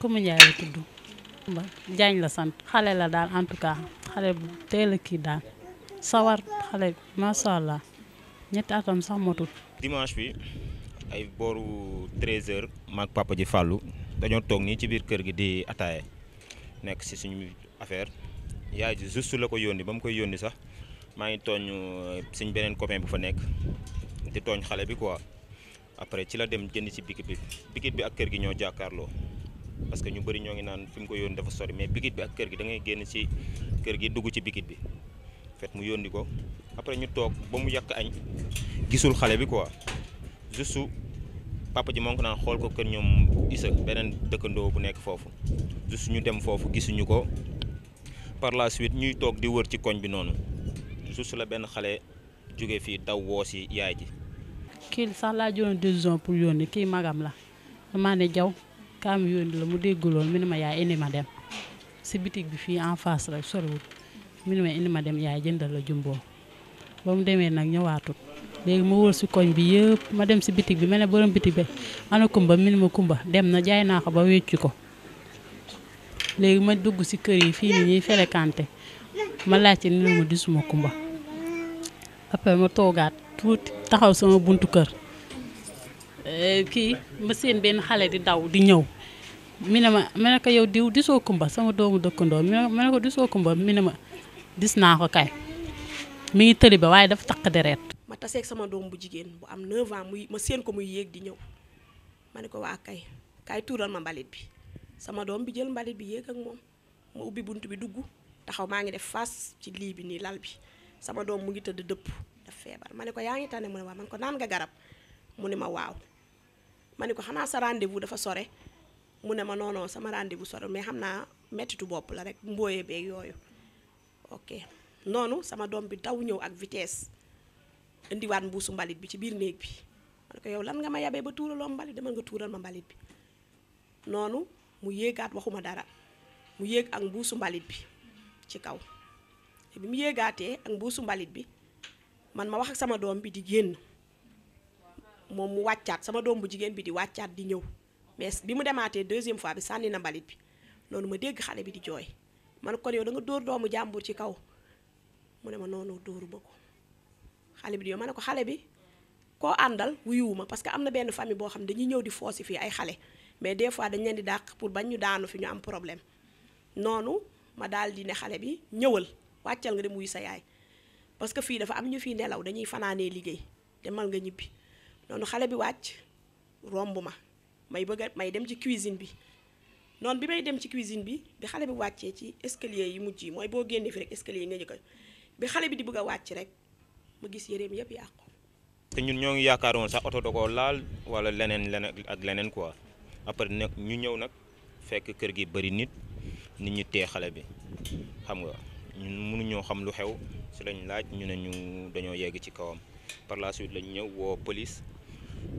Coumba Ndiaye la tudd Jaañ la sant xale la daal en tout cas xale bu teel a kii daal sawar xale bi macha ñetti atam sax motul. dimanche bi ay booru 13h maag papa ji fàllu dañoo toog nii ci biir kër gi di ataaye nekk ci suñu affaire yaay ji juste la ko yónni ba mu koy yónni sax. Ma ngi tooñ benen euh, beneen copain bu fa nekk di tooñ xale bi quoi après ci la dem jënd ci bikit bi bikit bi ak kër gi ñoo jàkkaarloo parce que ñu bëri ñoo ngi naan fi mu ko yónni dafa sori mais bikit bi ak kër gi da ngay génn ci kër gi dugg ci bikit bi fet mu yónni après ñu toog ba mu añ gisul xale bi quoi papa ji moo ko naan xool ko kër ñoom isa beneen dëkkandoo bu nekk foofu juste ñu dem fofu gisuñu ko par la suite ñuy tok di wër ci koñ bi juste la benn xale jóge fii daw woo si yaay ji. kii sax laa jëloon décision pour yónni kii magam la maa ne jaw kaam yónni la mu dégg lool mi ne ma yaay indi ma dem si bitig bi fii en face rek soriwul mi ne ma indi ma dem yaay jëndal la jumbo ba mu demee nag ñëwaatut léegi ma wër si koñ bi yëpp ma dem si bitig bi ma ne borom bitig bi ana kumba mi ne ma kumba dem na jaay naa ko ba wéccu ko léegi ma dugg si kër yi fii ni ñuy fréquenté ma laajte ni ma gisuma kumba après ma toogaat tuuti taxaw sama buntu kër eh, kii ma seen benn xale di daw di ñëw mi ne ma ma ne ko yow diw di soo kumba sama doomu dëkkandoo ma ne ko di soo kumba mi ne ma dis naa ko kay mi ngi tëli ba waaye dafa takk deret ma taseeg sama doom bu jigéen bu am 9 ans muy ma seen ko muy yéeg di ñëw ma ne ko waa kay kay tuural ma mbalit bi sama doom bi jël mbalit bi yéeg ak moom ma ubbi bunt bi dugg taxaw maa ngi def fas ci lii bi nii lal bi sama doom mu ngi tëdd dëpp daf feebar ma ne ko yaa ngi tane mu ne waaw man ko naan nga garab mu ne ma waaw ma ne ko xanaa sa rendez dafa sore mu ne ma non sama rendez-vous sore mais xam naa mettitu bopp la rek mbooyee beeg yooyu ok noonu sama doom bi daw ñëw ak vitesse indiwaat mbuusu mbalit bi ci biir néeg bi ma ne ko yow lan nga ma yabee ba tuuraloo mbalit dama nga tuural ma mbalit bi noonu mu yéegaat waxuma dara mu yéeg ak mbuusu mbalit bi ci kaw te bi mu yéegaatee ak mbuusu mbalit bi man ma wax ak sama doom bi di génn moom mu wàccaat sama doom bu jigéen bi di wàccaat di ñëw mais bi mu demaatee deuxième fois bi sànni na mbalit bi noonu ma dégg xale bi di jooy man kon da nga dóor doomu jàmbur ci kaw mu ne ma noonu dóoru ma ko xale bi di ma ne ko xale bi koo àndal wuyuwuma parce que am na benn famille boo xam ne dañuy ñëw di foosi fii ay xale mais des fois dañ leen di dàq pour bañ ñu daanu fi ñu am problème noonu ma daal di ne xale bi ñëwal wàccal nga dem wuy sa yaay parce que fii dafa am ñu fii nelaw dañuy fanaanee liggéey demal nga ñibbi noonu xale bi wàcc romb ma may bëgg may dem ci cuisine bi noonu bi may dem ci cuisine bi bi xale bi wàccee ci escalier yi mujj yi mooy boo génnee fi rek escalier yi nga jëkk bi xale bi di bëgg a wàcc rek ma gis yëreem yëpp yàqu. te ñun ñoo ngi yaakaaroon sax oto da koo laal wala leneen leneen ak leneen quoi après nag ñu ñëw nag fekk kër gi bari nit nit ñu tee xale bi xam nga. ñun mënuñoo xam lu xew si lañ laaj ñu ne ñu dañoo yegg ci kawam par la suite lañ ñëw woo police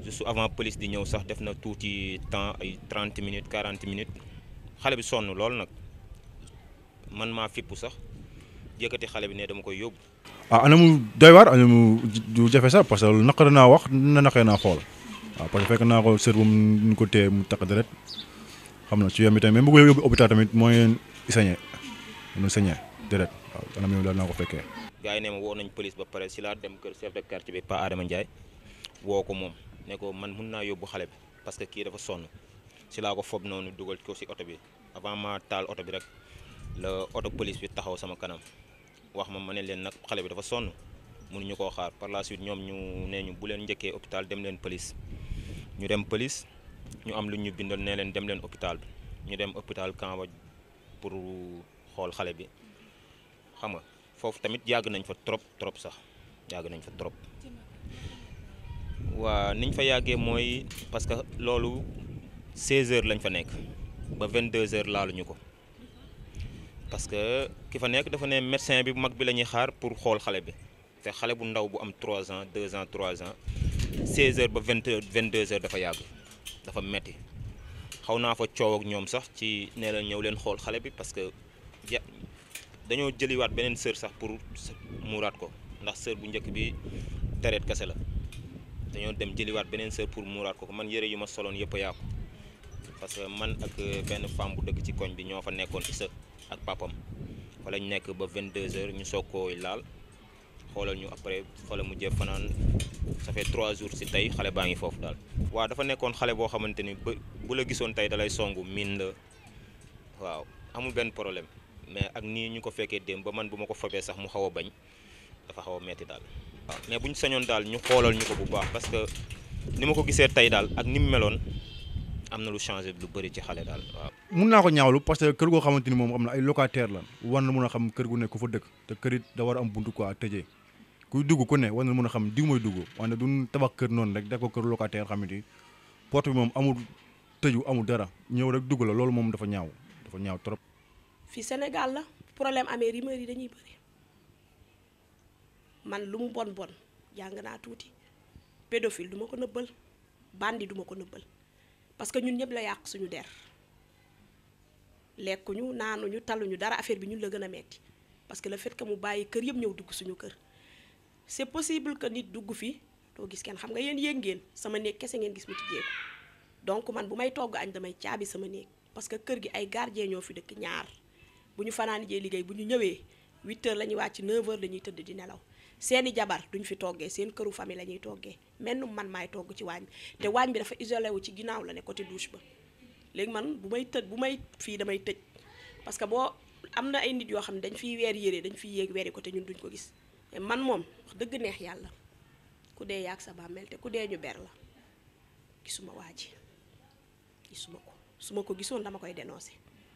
juste avant police di ñëw sax def na tuuti temps ay 30 minutes 40 minutes xale bi sonn lool nag man maa fippu sax yëkkati xale bi ne dama koy yóbbu. ah anamu doy waar anamu mu jafe sax parce que naqare naa wax na naqee naa xool waaw ah, parce que fekk naa ko sër bu ko tee mu taq deret xam na ci yoon itam tamit même bu yóbbu hôpital tamit mooy sañee nu sañee. déedéet waaw anam yooyu daal naa ko fekkee. gars yi ne ma woo nañ police ba pare si laa dem kër chef de quartier bi Pa Adama Ndiaye woo ko moom ne ko man mun naa yóbbu xale bi parce que kii dafa sonn si laa ko fob noonu dugal ko si oto bi avant ma taal oto bi rek la oto police bi taxaw sama kanam wax ma ma ne leen nag xale bi dafa sonn mënuñu ko xaar par la suite ñoom ñu nee ñu bu leen njëkkee hôpital dem leen police ñu dem police ñu am lu ñu bindal nee leen dem leen hôpital bi ñu dem hôpital Kamba pour xool xale bi. xam nga foofu tamit yàgg nañ fa trop trop sax yàgg nañ fa trop waa niñ fa yàggee mooy parce que loolu 16 heures lañ fa nekk ba heure laalu ñu ko parce que ki fa nekk dafa ne médecin bi mag bi la ñuy xaar pour xool xale bi te xale bu ndaw bu am trois ans 2 ans 3 ans 16 heures ba 20 heures 22 heures dafa yàgg dafa metti xaw naa fa coow ñoom sax ci nee la ñëw leen xool xale bi parce que dañoo jëliwaat beneen sër sax pour muuraat ko ndax sër bu njëkk bi deret kese la dañoo dem jëliwaat beneen sër pour muuraat ko ko man yére yu ma soloon yëpp a yàqu parce que man ak euh, benn femme bu dëkk ci koñ bi ñoo fa nekkoon sa ak papam fa lañ nekk ba vingt de heures ñu soog koo laal xoolal ñu après fa la mujjee fanaan ça fait 3 jours si tey xale baa ngi foofu daal. waa dafa nekkoon xale boo xamante ni bu la gisoon tey dalay songu miin la waaw amul benn problème. mais ak nii ñu ko fekkee démb ba man bu ko fobee sax mu xaw a bañ dafa xaw a metti daal waaw mais buñ sañoon daal ñu xoolal ñu ko bu baax parce que ni ma ko gisee tey dal ak ni mu meloon lu changé lu bëri ci xale daal waaw mun naa ko ñaawlu parce que kër ay locataire la war na xam kër gu ne ku dëkk te da war am buntu quoi tëjee kuy dugg ku ne war na xam diw mooy dugg wante duñ tabax kër noonu rek def ko kër locataire xamante porte bi amul tëju amul dara ñëw rek dugg la loolu moom dafa ñaaw dafa ñaaw trop fi Sénégal la problème amee rumeur dañuy bëri man lu mu bon bon jang naa touti pédophile duma ko neubal bandi duma ko neubal parce que ñun ñëpp la yaq suñu der lekkuñu naanuñu taluñu dara affaire bi ñun la gëna metti parce que le fait que mu bàyyi kër yëpp ñëw dugg suñu kër c'est possible que nit dugg fi doo gis kenn xam nga yeen sama nek kese ngeen gis mu tijjeeku donc man bu may togg añ damay caabi sama nek parce que kër gi ay gardien ñoo dëkk ñaar bu ñu fanaani jee liggéey bu ñu ñëwee 8 heures la ñuy wàcc 9 heures la ñuy tëdd di nelaw seeni jabar duñ fi toggee seen këru famille la ñuy toggee menn man maay togg ci waañ bi te waañ bi dafa isolé wu ci ginnaaw la ne côté douche ba léegi man bu may tëj bu may fii damay tëj parce que boo am na ay nit yoo xam ne dañ fiy weer yére dañ fiy yéeg weeri ko ñun duñ ko gis man moom wax dëgg neex yàlla ku dee yaag sa bàmmeel te ku dee ñu ber la gisuma waa ji gisuma ko su ma ko gisoon dama koy dénoncé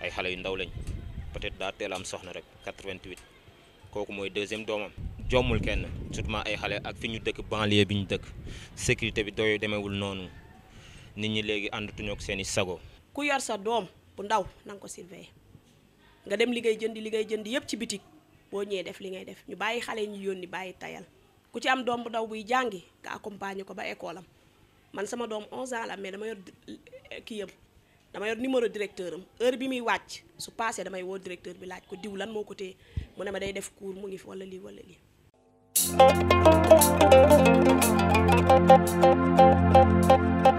ay xale yu ndaw lañ peut-être daa teel am soxna rek 88 kooku mooy deuxième doomam jommul kenn surtout ay xale ak fi ñu dëkk banlieue bi ñu dëkk sécurité bi doy demewul noonu nit ñi léegi àndatuñu ak seen i sago. ku yar sa doom bu ndaw na ko surveiller nga dem li ngay jëndi li ngay jëndi yëpp ci bitig boo ñëwee def li ngay def ñu bàyyi xale yi ñu yónni bàyyi tayal ku ci am doom bu ndaw buy jàngi nga accompagner ko ba école am man sama doom 11 ans dama kii yam dama yor numéro directeur am heure bi muy wàcc su paasee damay woo directeur bi laaj ko diw lan moo ko téye mu ne ma day def cours mu ngi fi wala lii wala lii.